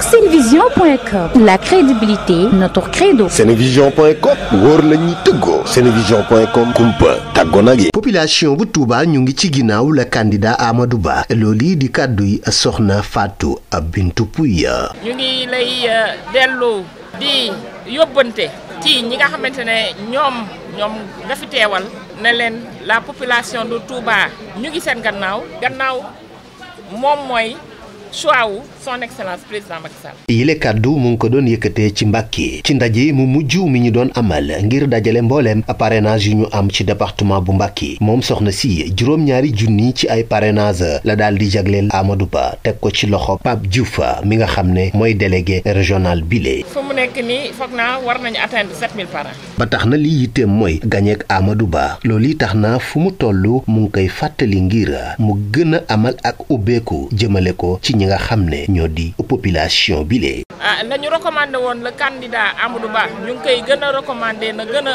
Senevision.com la crédibilité notre credo. Senevision.com world la Togo. kumpa Tagona. population bu Touba ñu ngi ci la candidat Amadou Ba loolu di kàddu Fatou Bintou Pouye. ñu ngi euh, di Yobonte. Ti ñi nga nyom nyom ñoom ñoom nga la population de Touba ñu ngi seen gannaaw gannaaw moom choix wu son mu ngi ko doon yëkkatee ci Mbàkke ci ndaje mu mujj mi ñu doon amal ngir dajale mbooleem parrainage yu ñu am ci département bu Mbàkke moom soxna si juróom-ñaari junni ci ay parrainage la daal di jagleel Amadou Ba teg ko ci loxo Pape Diouf mi nga xam ne mooy délégué régional bile. fu mu nekk nii foog naa war nañu atteindre 7000 ba tax na li yitteem mooy gañeek amadu Ba loolu tax na fu mu toll mu ngi koy fàttali ngir mu gën amal ak ubbeeku jëmale ko ñi nga xam ne ñoo di population bi lee ah nañu recommandé woon le candidat Amadou Ba ñu ngi koy gën a recommandé na gën a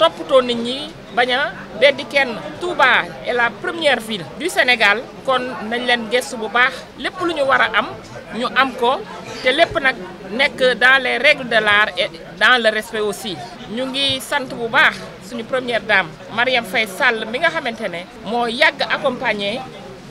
toppatoo nit ñi bañ a beddi kenn Touba est la première ville du Sénégal kon nañ leen gëstu bu baax lépp lu ñu war a am ñu am ko te lépp nag nekk dans les règles de l'art et dans le respect aussi ñu ngi sant bu baax suñu première dame Marième Faye Sall mi nga xamante ne moo yàgg accompagner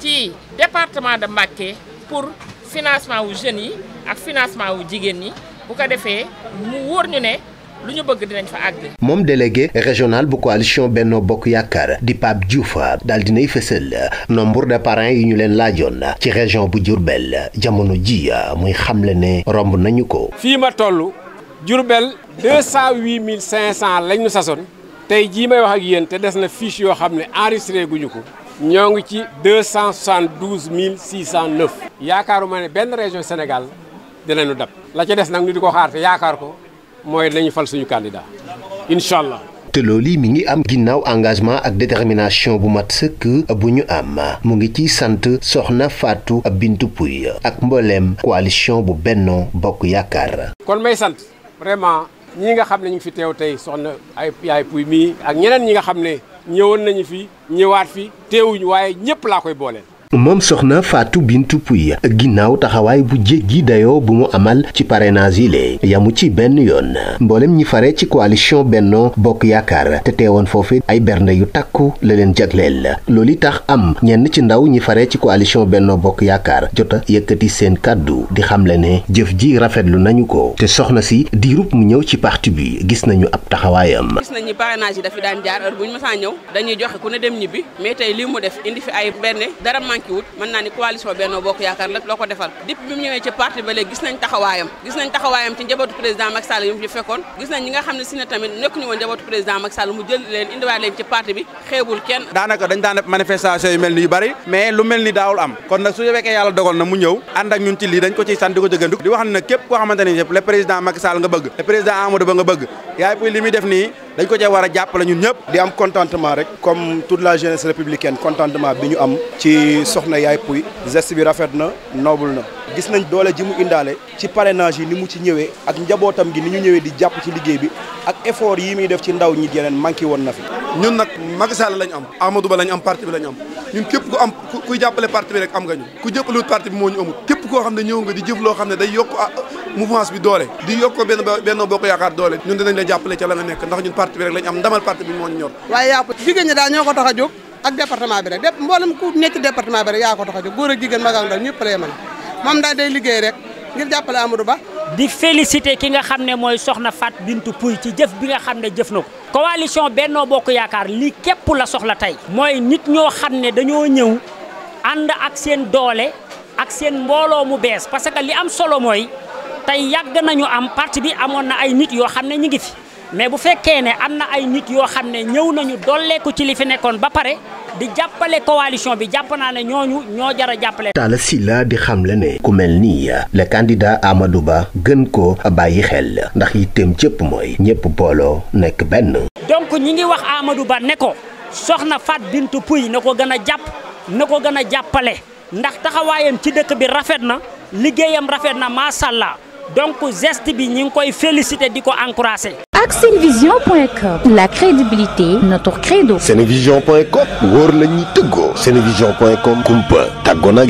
ci département de Mbacké pour financement wu jeunes yi ak financement wu jigéen ñi bu ko defee mu wóor ñu ne lu ñu bëgg dinañ fa àgg. moom délégué régional bu coalition Benno Bokk Yaakaar di Pape Diouf d'Al dinay fësal nombre de parrains yi ñu leen laajoon ci région bu Diourbel jamono ji muy xamle ne romb nañu ko. fii ma toll Diourbel 208500 lañ ñu sasoon tey jii may wax ak yéen te des na fiche yoo xam enregistré guñu ko. ñoo ngi ci deux cent soixante douze mille six cent neuf. yaakaaruma ne benn région Sénégal dinañu dab la ca des nag ñu di ko xaar te yaakaar ko mooy dañu fal suñu candidat incha allah. te loolu mi ngi am ginnaaw engagement ak détermination bu mat sëkk bu ñu am mu ngi ci sant soxna Fatou Bintou Pouye ak mbooleem coalition bu benn Bokk Yaakaar. kon may sant vraiment ñi nga xam ne ñu ngi fi teew tey soxna yaay Pouye mii ak ñeneen ñi nga xam ne. ñëwoon nañu fi ñëwaat fi teewuñu waaye ñëpp laa koy boole moom soxna Fatou Bintou Pouye ginnaaw taxawaay bu jéggi dayoo bu mu amal ci parrainage yi lee yamu ci benn yoon mboolem ñi fare ci coalition Benno Bokk Yaakaar te teewoon foofu ay bernde yu takku la leen jagleel loolu tax am ñenn ci ndaw ñi fare ci coalition Benno Bokk Yaakaar jota yëkkati seen kàddu di xam xamle ne jëf ji rafetlu nañu ko te soxna si diirub mu ñëw ci parti bi gis nañu ab taxawaayam. gis nañu parrainage yi daan jaar heure bu ñu ñëw dañuy joxe manqué wut mën naa ni coalition Benno Yaakaar loo ko defal depuis bi ñëwee ci parti ba léegi gis nañ taxawaayam gis nañ taxawaayam ci njabootu président Macky Sall mu jël leen indiwaat leen ci parti bi xeebul kenn daanaka dañ daan def manifestation yu mel ni bari mais lu mel ni daawul am kon nag su fekkee yàlla dogal na mu ñëw ànd ñun ci lii dañ ko ciy sant di di wax ne képp koo xamante le président Macky Sall nga bëgg le président Amadou Ba nga bëgg dañ ko cee war a jàppale ñun ñëpp. di am contentement rek comme tout la jeunesse républicaine contentement bi ñu am. ci soxna Yaay puy geste bi rafet na noble na. gis nañ doole ji mu indaale ci parrainage yi ni mu ci ñëwee ak njabootam gi ni ñu ñëwee di jàpp ci liggéey bi ak effort yi muy def ci ndaw ñi yeneen manqué woon na fi. ñun nag Macky Sall lañ am. Amadou Ba lañ am parti bi lañ am. ñun képp ku am kuy jàppale parti bi rek am nga ku jëppalewut parti bi moo ñu képp koo xam ne ñëw nga di jëf loo xam ne day yokk ah, mouvance bi doole di yokk benn benn bokk yaakaar doole ñun dinañ la jàppale ca la nekk ndax ñun parti bi rek lañ am ndamal parti bi moo ñu ñor waaye yaa ko jigéen ñi daal ñoo ko tax a jóg ak département bi rek dé ku nekk département bi rek yaa ko tax a jóg góor ak jigéen mag ak ndaw ñëpp la yemal daal day jàppale Amadou Ba di félicité ki nga xam ne mooy soxna Fat Bintou Pouy ci jëf bi nga xam ne jëf na ko coalition Benno Bokk Yaakaar li képp la soxla tey mooy nit ñoo xam ne dañoo ñëw ànd ak seen doole ak seen mbooloo mu bees parce que li am solo mooy tey yàgg nañu am parti bi amoon na ay nit yoo xam ne ñu ngi fi mais bu fekkee ne am na ay nit yoo xam ne ñëw nañu dolleeku ci li fi nekkoon ba pare di jàppale coalition bi jàpp naa ne ñooñu ñoo jar a jàppale. Talla Sylla di xam xamle ne ku mel nii le candidat Amadou Ba gën ko bàyyi xel ndax yitteem cëpp mooy ñëpp booloo nekk benn. donc ñi ngi wax Amadou Ba ne ko soxna Fat Bintou Pouy na ko gën a jàpp na ko gën a jàppale ndax taxawaayam ci dëkk bi rafet na liggéeyam rafet na macha allah donc geste bi ñu ngi koy félicité di ko encouragé. vision.com la crédibilité notre credo Sénévision.com, world ni ñuy kumpa